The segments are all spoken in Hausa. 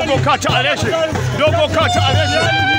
dogo ka ci a reshe dogo ka ci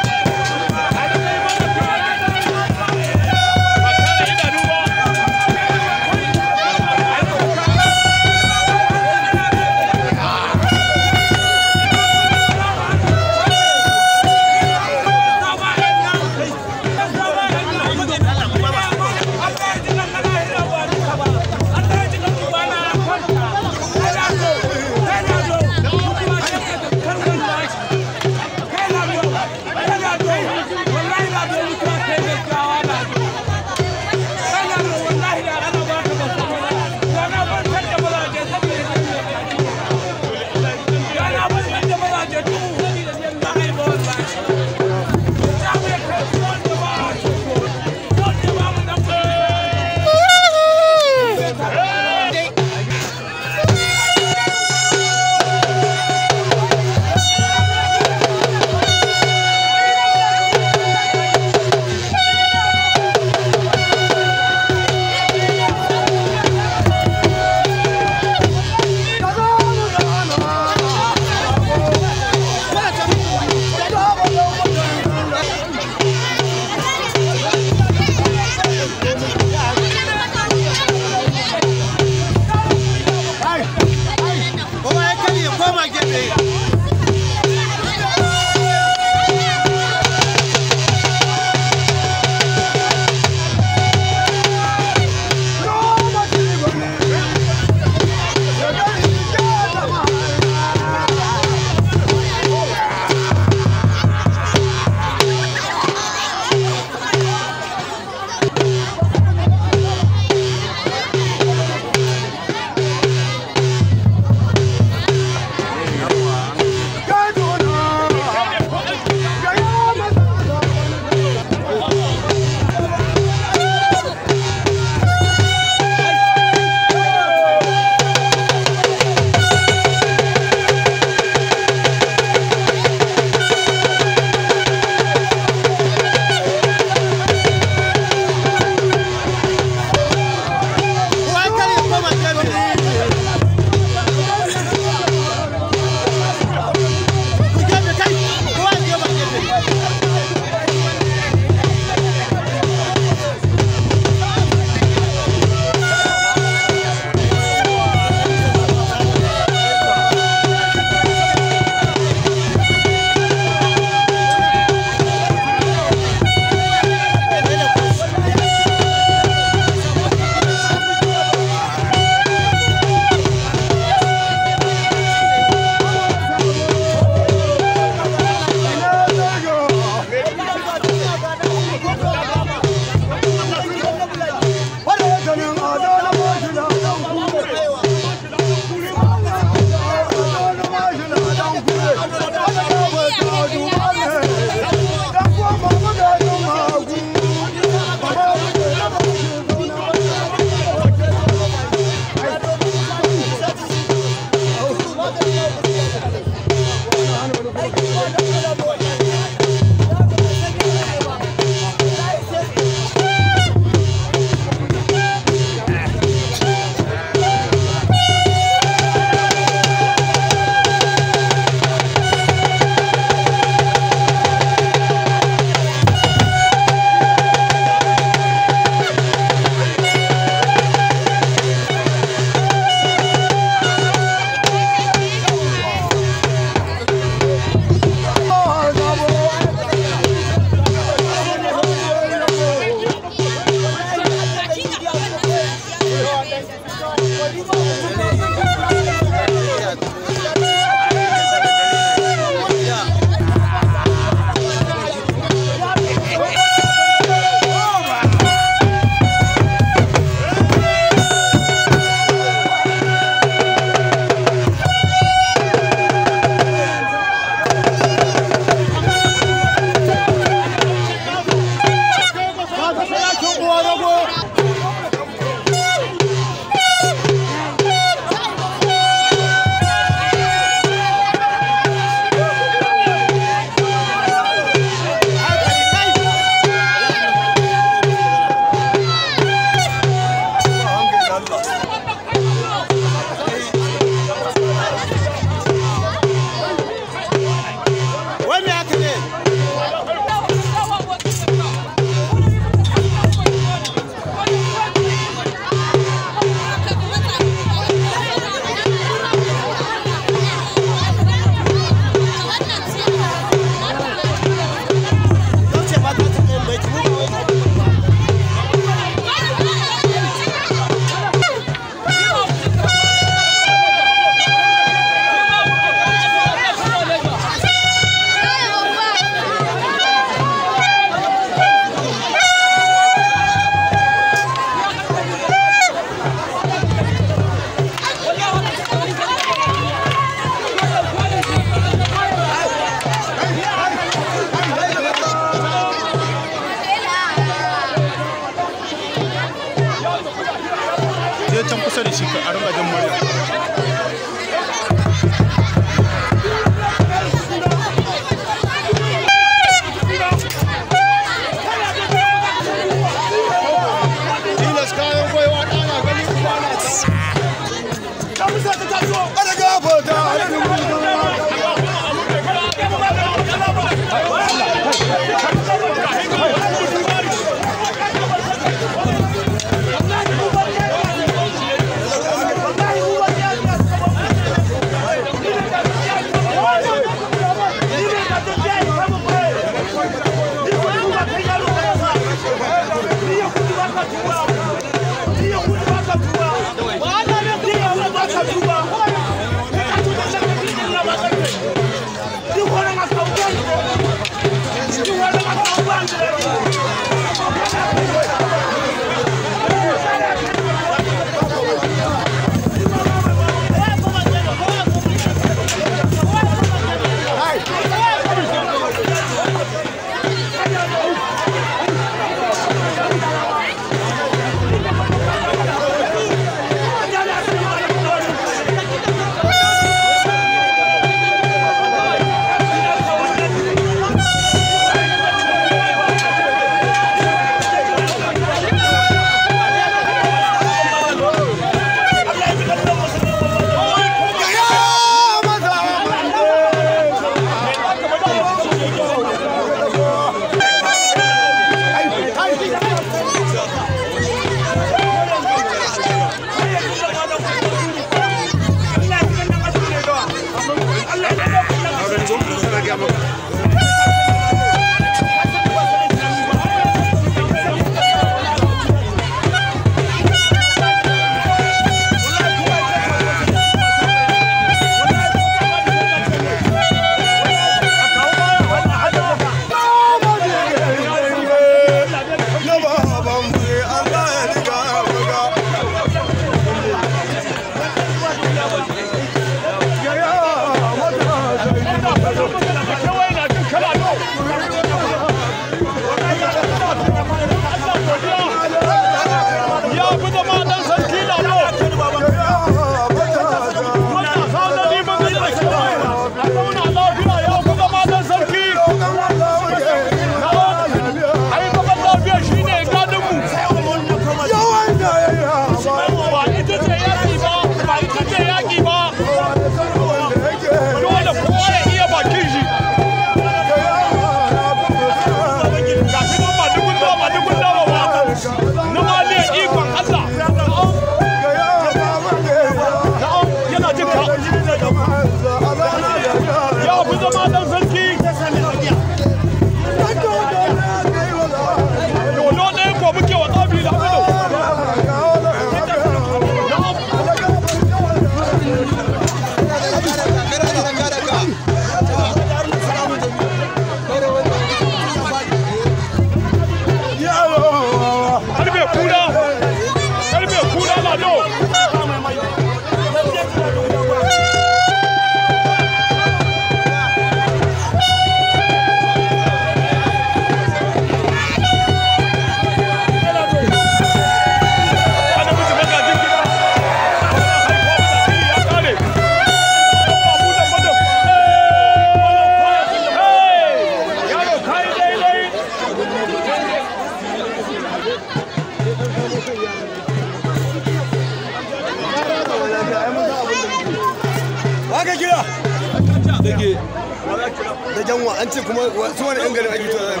wani ɓangaren ake tuwa